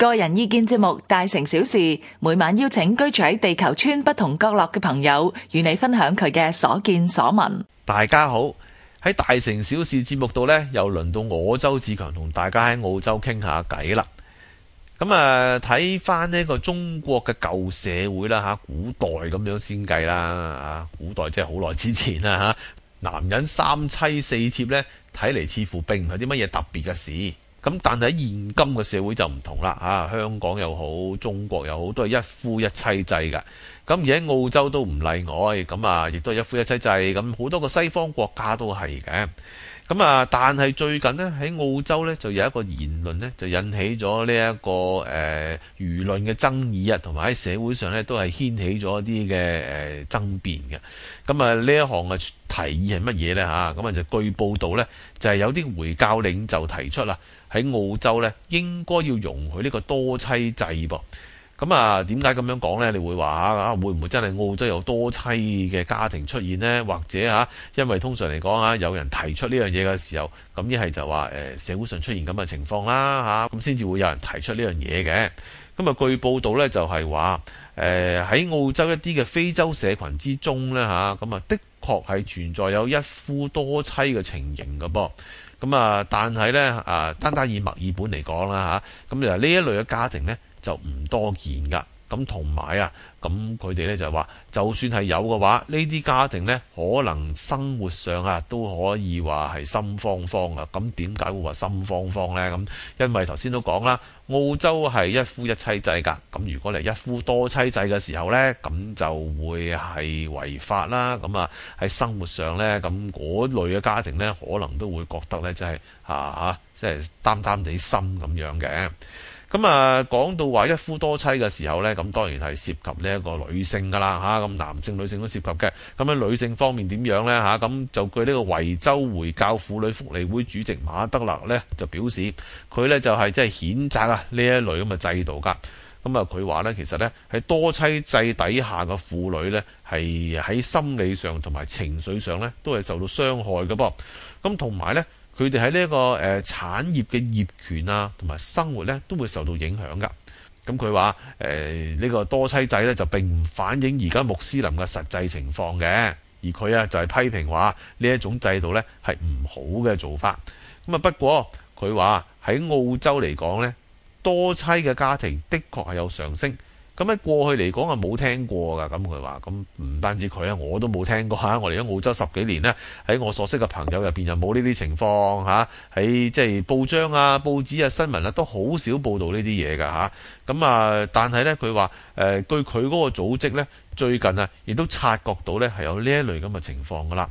個人意見節目《大城小事》，每晚邀請居住喺地球村不同角落嘅朋友，與你分享佢嘅所見所聞。大家好，喺《大城小事》節目度呢，又輪到我周志強同大家喺澳洲傾下偈啦。咁啊，睇翻呢個中國嘅舊社會啦，吓古代咁樣先計啦，啊，古代即係好耐之前啦，吓男人三妻四妾呢，睇嚟，似乎並唔係啲乜嘢特別嘅事。咁但係喺現今嘅社會就唔同啦嚇，香港又好，中國又好，都係一夫一妻制㗎。咁而喺澳洲都唔例外，咁啊，亦都係一夫一妻制。咁好多個西方國家都係嘅。咁啊，但係最近呢喺澳洲呢，就有一個言論呢，就引起咗呢一個誒、呃、輿論嘅爭議啊，同埋喺社會上、呃、呢，都係掀起咗一啲嘅誒爭辯嘅。咁啊，呢一行嘅提議係乜嘢呢？嚇？咁啊，就據報道呢，就係、是、有啲回教領袖提出啦，喺澳洲呢，應該要容許呢個多妻制噃。咁啊，點解咁樣講呢？你會話啊，會唔會真係澳洲有多妻嘅家庭出現呢？或者嚇，因為通常嚟講啊，有人提出呢樣嘢嘅時候，咁一係就話誒社會上出現咁嘅情況啦嚇，咁先至會有人提出呢樣嘢嘅。咁啊，據報道呢，就係話誒喺澳洲一啲嘅非洲社群之中呢，啊，咁啊的確係存在有一夫多妻嘅情形㗎噃。咁啊，但係呢，啊，單單以墨爾本嚟講啦嚇，咁就呢一類嘅家庭呢，就唔多見㗎，咁同埋啊，咁佢哋呢就話，就算係有嘅話，呢啲家庭呢可能生活上啊都可以話係心慌慌啊，咁點解會話心慌慌呢？咁因為頭先都講啦，澳洲係一夫一妻制㗎，咁如果你一夫多妻制嘅時候呢，咁就會係違法啦，咁啊喺生活上呢，咁嗰類嘅家庭呢，可能都會覺得呢、就係啊，就係、是、啊，即係擔擔地心咁樣嘅。咁啊，講到話一夫多妻嘅時候呢，咁當然係涉及呢一個女性㗎啦吓，咁男性女性都涉及嘅。咁喺女性方面點樣呢？吓，咁就據呢個維州回教婦女福利會主席馬德勒呢，就表示，佢呢就係即係譴責啊呢一類咁嘅制度㗎。咁啊，佢話呢，其實呢，喺多妻制底下嘅婦女呢，係喺心理上同埋情緒上呢，都係受到傷害嘅噃。咁同埋呢。佢哋喺呢個誒、呃、產業嘅業權啊，同埋生活咧都會受到影響㗎。咁佢話誒呢個多妻制咧就並唔反映而家穆斯林嘅實際情況嘅，而佢啊就係、是、批評話呢一種制度咧係唔好嘅做法。咁啊不過佢話喺澳洲嚟講咧，多妻嘅家庭的確係有上升。咁喺過去嚟講啊，冇聽過㗎。咁佢話，咁唔單止佢啊，我都冇聽過吓。我嚟咗澳洲十幾年呢，喺我所識嘅朋友入面，又冇呢啲情況吓。喺即係報章啊、報紙啊、新聞啊，都好少報導呢啲嘢㗎吓。咁啊，但係呢，佢話誒，據佢嗰個組織呢，最近啊，亦都察覺到呢係有呢一類咁嘅情況㗎啦。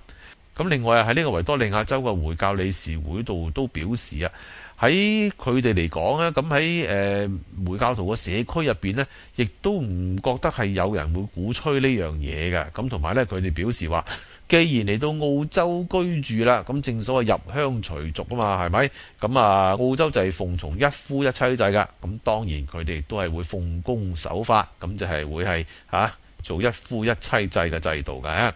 咁另外啊，喺呢個維多利亞州嘅回教理事會度都表示啊。喺佢哋嚟講咧，咁喺誒回教徒嘅社區入面，呢亦都唔覺得係有人會鼓吹呢樣嘢嘅。咁同埋呢，佢哋表示話，既然嚟到澳洲居住啦，咁正所謂入鄉隨俗啊嘛，係咪？咁啊，澳洲就係奉從一夫一妻制噶，咁當然佢哋都係會奉公守法，咁就係、是、會係嚇、啊、做一夫一妻制嘅制度嘅。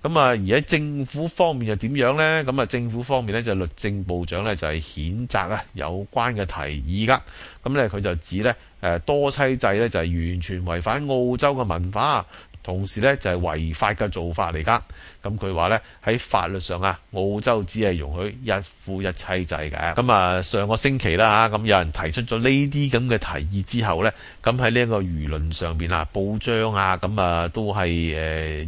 咁啊，而喺政府方面又點樣咧？咁啊，政府方面咧就律政部長咧就係譴責啊有關嘅提議噶。咁咧佢就指咧誒，多妻制咧就係完全違反澳洲嘅文化。同時咧就係違法嘅做法嚟噶，咁佢話咧喺法律上啊，澳洲只係容許一夫一妻制嘅。咁啊上個星期啦嚇，咁有人提出咗呢啲咁嘅提議之後咧，咁喺呢一個輿論上邊啊，報章啊，咁啊都係誒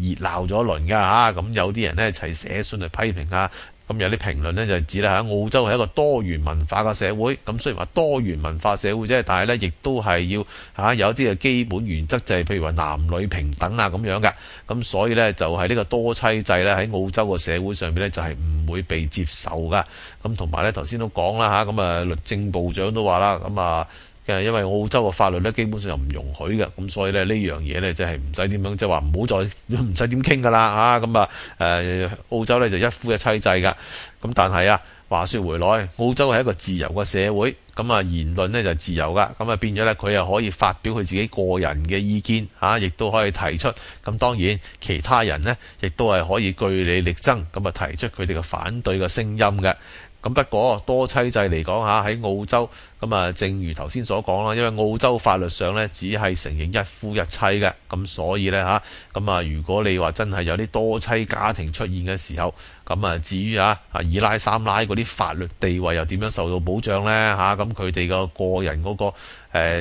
熱鬧咗一輪噶嚇，咁有啲人咧一齊寫信嚟批評啊。咁有啲評論呢，就係指啦嚇澳洲係一個多元文化嘅社會。咁雖然話多元文化社會啫，但係呢亦都係要嚇有啲嘅基本原則，就係譬如話男女平等啊咁樣㗎。咁所以呢，就係呢個多妻制呢，喺澳洲嘅社會上面呢，就係唔會被接受噶。咁同埋呢，頭先都講啦嚇，咁啊律政部長都話啦，咁啊。因為澳洲嘅法律咧，基本上又唔容許嘅，咁所以咧呢樣嘢咧，就係唔使點樣，即係話唔好再唔使點傾噶啦嚇，咁啊誒澳洲咧就一夫一妻制㗎。咁但係啊話說回來，澳洲係一個自由嘅社會，咁啊言論呢就自由噶，咁啊變咗咧佢又可以發表佢自己個人嘅意見嚇，亦都可以提出，咁當然其他人呢，亦都係可以據理力爭，咁啊提出佢哋嘅反對嘅聲音嘅，咁不過多妻制嚟講嚇喺澳洲。咁啊，正如頭先所講啦，因為澳洲法律上呢，只係承認一夫一妻嘅，咁所以呢，吓，咁啊如果你話真係有啲多妻家庭出現嘅時候，咁啊至於啊二奶三奶嗰啲法律地位又點樣受到保障呢？吓，咁佢哋個個人嗰個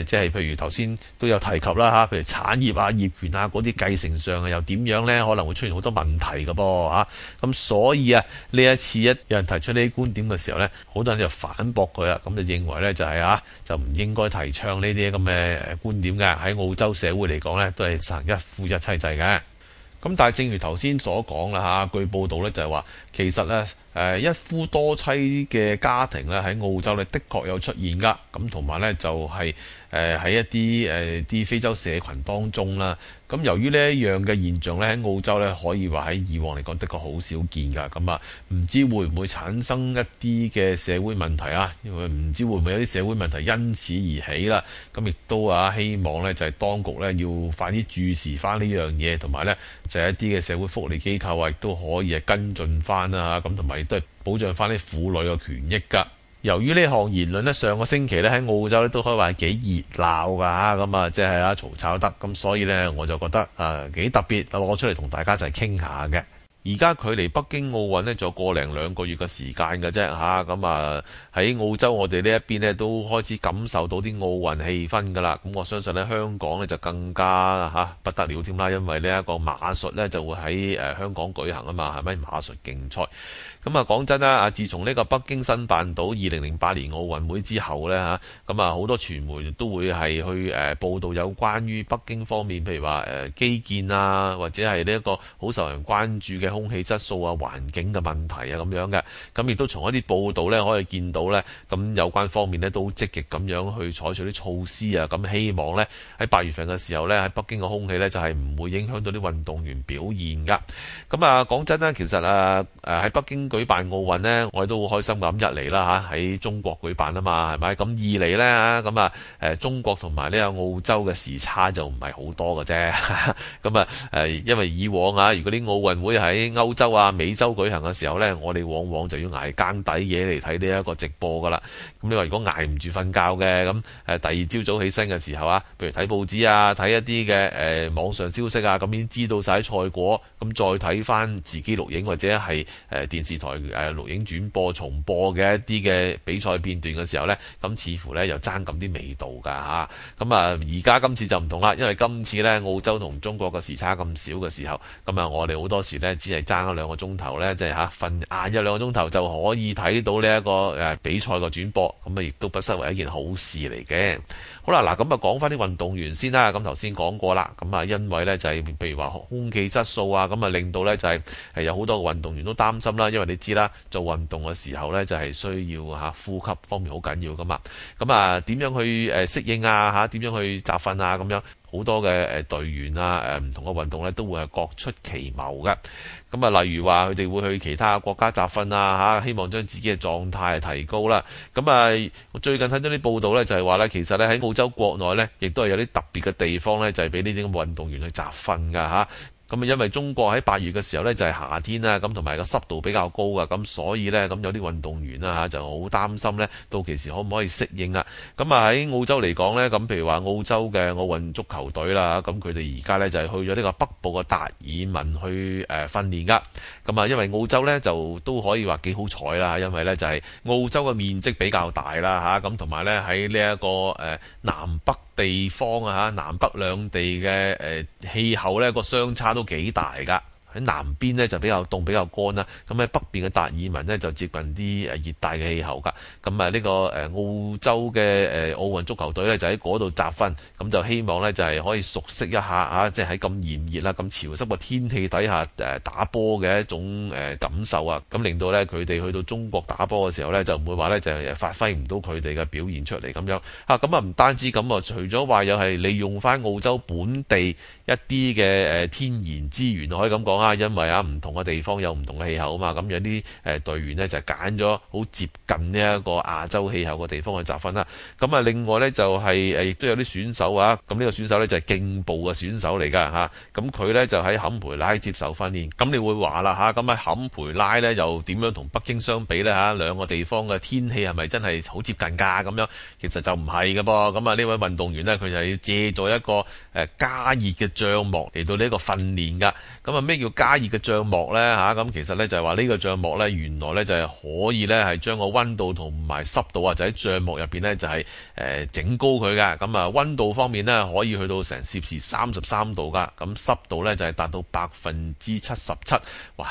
即係譬如頭先都有提及啦吓，譬如產業啊、業權啊嗰啲繼承上又點樣呢？可能會出現好多問題嘅噃吓，咁所以啊，呢一次一有人提出呢啲觀點嘅時候呢，好多人就反駁佢啊，咁就認為呢，就是。係啊，就唔應該提倡呢啲咁嘅觀點嘅。喺澳洲社會嚟講呢，都係行一夫一妻制嘅。咁但係正如頭先所講啦嚇，據報道呢，就係話其實呢。誒一夫多妻嘅家庭咧，喺澳洲咧，的確有出現㗎。咁同埋咧，就係誒喺一啲誒啲非洲社群當中啦。咁由於呢一樣嘅現象咧，喺澳洲咧，可以話喺以往嚟講，的確好少見㗎。咁啊，唔知會唔會產生一啲嘅社會問題啊？因為唔知會唔會有啲社會問題因此而起啦。咁亦都啊，希望咧就係當局咧要快啲注視翻呢樣嘢，同埋咧就係一啲嘅社會福利機構啊，亦都可以係跟進翻啦。咁同埋。都係保障翻啲婦女嘅權益㗎。由於呢項言論呢，上個星期呢，喺澳洲呢都可以話幾熱鬧㗎，咁啊即係啊嘈吵得咁，所以呢，我就覺得啊幾、呃、特別攞出嚟同大家一齊傾下嘅。而家距離北京奧運咧，仲有個零兩個月嘅時間嘅啫吓，咁啊喺澳洲我哋呢一邊咧，都開始感受到啲奧運氣氛噶啦。咁我相信咧，香港咧就更加吓不得了添啦，因為呢一個馬術咧就會喺誒香港舉行啊嘛，係咪馬術競賽？咁啊講真啦，啊自從呢個北京申辦到二零零八年奧運會之後咧吓，咁啊好多傳媒都會係去誒報道有關於北京方面，譬如話誒基建啊，或者係呢一個好受人關注嘅。空氣質素啊、環境嘅問題啊咁樣嘅，咁亦都從一啲報道呢可以見到呢。咁有關方面呢，都積極咁樣去採取啲措施啊，咁希望呢，喺八月份嘅時候呢，喺北京嘅空氣呢，就係唔會影響到啲運動員表現㗎。咁啊，講真呢，其實啊，喺北京舉辦奧運呢，我哋都好開心。咁一嚟啦吓，喺中國舉辦啊嘛，係咪？咁二嚟呢，咁啊，中國同埋呢個澳洲嘅時差就唔係好多嘅啫。咁啊，因為以往啊，如果啲奧運會喺喺歐洲啊、美洲舉行嘅時候呢，我哋往往就要捱更抵夜嚟睇呢一個直播噶啦。咁你話如果捱唔住瞓覺嘅，咁誒第二朝早起身嘅時候啊，譬如睇報紙啊、睇一啲嘅誒網上消息啊，咁已經知道晒賽果，咁再睇翻自己錄影或者係誒電視台誒錄影轉播、重播嘅一啲嘅比賽片段嘅時候呢，咁似乎呢又爭咁啲味道噶吓。咁啊而家今次就唔同啦，因為今次呢澳洲同中國嘅時差咁少嘅時候，咁啊我哋好多時呢。係爭咗兩個鐘頭呢，即係吓瞓晏咗兩個鐘頭就可以睇到呢一個誒比賽個轉播，咁啊亦都不失為一件好事嚟嘅。好啦，嗱咁啊講翻啲運動員先啦。咁頭先講過啦，咁啊因為呢，就係譬如話空氣質素啊，咁啊令到呢，就係有好多運動員都擔心啦。因為你知啦，做運動嘅時候呢，就係需要吓呼吸方面好緊要噶嘛。咁啊點樣去誒適應啊吓？點樣去集訓啊咁樣？好多嘅誒隊員啊，誒唔同嘅運動呢都會係各出奇謀㗎。咁啊，例如話佢哋會去其他國家集訓啊，嚇，希望將自己嘅狀態提高啦。咁啊，最近睇到啲報道呢，就係話呢，其實呢，喺澳洲國內呢，亦都係有啲特別嘅地方呢，就係俾呢啲咁運動員去集訓㗎嚇。咁啊，因為中國喺八月嘅時候呢，就係夏天啦，咁同埋個濕度比較高嘅，咁所以呢，咁有啲運動員啦嚇就好擔心呢，到其時可唔可以適應啊？咁啊喺澳洲嚟講呢，咁譬如話澳洲嘅奧運足球隊啦，咁佢哋而家呢，就係去咗呢個北部嘅達爾文去誒訓練㗎。咁啊，因為澳洲呢，就都可以話幾好彩啦，因為呢，就係澳洲嘅面積比較大啦嚇，咁同埋呢，喺呢一個誒南北。地方啊，吓南北兩地嘅誒氣候咧，個相差都幾大㗎。喺南邊咧就比較凍，比較乾啦，咁喺北邊嘅達爾文咧就接近啲誒熱帶嘅氣候㗎，咁啊呢個誒澳洲嘅誒奧運足球隊咧就喺嗰度集訓，咁就希望咧就係可以熟悉一下啊，即係喺咁炎熱啦、咁潮濕嘅天氣底下誒打波嘅一種誒感受啊，咁令到咧佢哋去到中國打波嘅時候咧就唔會話咧就係發揮唔到佢哋嘅表現出嚟，咁樣嚇。咁啊唔單止咁啊，除咗話又係利用翻，澳洲本地一啲嘅誒天然資源可以咁講。啊，因為啊唔同嘅地方有唔同嘅氣候啊嘛，咁有啲誒隊員呢就揀咗好接近呢一個亞洲氣候嘅地方去集訓啦。咁啊，另外呢就係亦都有啲選手啊，咁、這、呢個選手呢就係競步嘅選手嚟㗎嚇。咁佢呢就喺坎培拉接受訓練。咁你會話啦嚇，咁啊坎培拉呢又點樣同北京相比呢？嚇？兩個地方嘅天氣係咪真係好接近㗎？咁樣其實就唔係㗎噃。咁啊呢位運動員呢，佢就要借助一個加熱嘅帳幕嚟到呢個訓練㗎。咁啊咩叫？加熱嘅帳幕呢，吓，咁其實呢就係話呢個帳幕呢，原來呢就係可以呢，係將個溫度同埋濕度啊，就喺帳幕入邊呢，就係誒整高佢嘅。咁啊，溫度方面呢，可以去到成攝氏三十三度噶，咁濕度呢，就係達到百分之七十七。哇，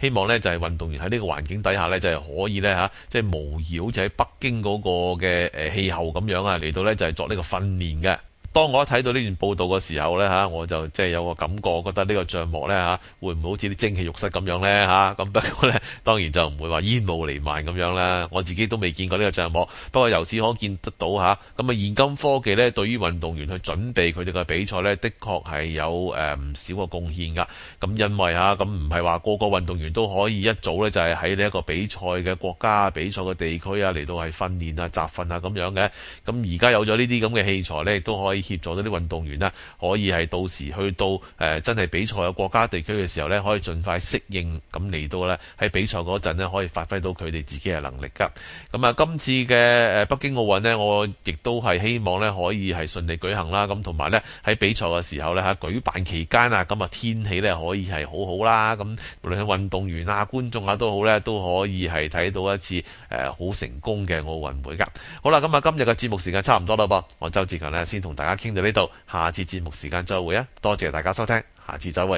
希望呢，就係運動員喺呢個環境底下呢，就係可以呢，吓，即係模擬好似喺北京嗰個嘅誒氣候咁樣啊嚟到呢，就係作呢個訓練嘅。當我一睇到呢段報道嘅時候呢，我就即係有個感覺，覺得呢個帳幕呢嚇，會唔會好似啲蒸氣浴室咁樣呢？咁不過呢當然就唔會話煙霧瀰漫咁樣啦。我自己都未見過呢個帳幕，不過由此可見得到嚇，咁啊現今科技呢，對於運動員去準備佢哋嘅比賽呢，的確係有誒唔少嘅貢獻㗎。咁因為嚇，咁唔係話個個運動員都可以一早呢就係喺呢一個比賽嘅國家、比賽嘅地區啊嚟到係訓練啊、集訓啊咁樣嘅。咁而家有咗呢啲咁嘅器材呢，都可以。協助到啲運動員啦，可以係到時去到，誒、呃、真係比賽嘅國家地區嘅時候咧，可以盡快適應。咁嚟到咧，喺比賽嗰陣咧，可以發揮到佢哋自己嘅能力噶。咁啊，今次嘅誒北京奧運咧，我亦都係希望咧可以係順利舉行啦。咁同埋咧，喺比賽嘅時候咧吓舉辦期間啊，咁啊天氣咧可以係好好啦。咁無論係運動員啊、觀眾啊都好咧，都可以係睇到一次誒好、呃、成功嘅奧運會噶。好啦，咁啊今日嘅節目時間差唔多啦噃，我周志強咧先同大家傾到呢度，下次節目時間再會啊。多謝大家收聽，下次再會。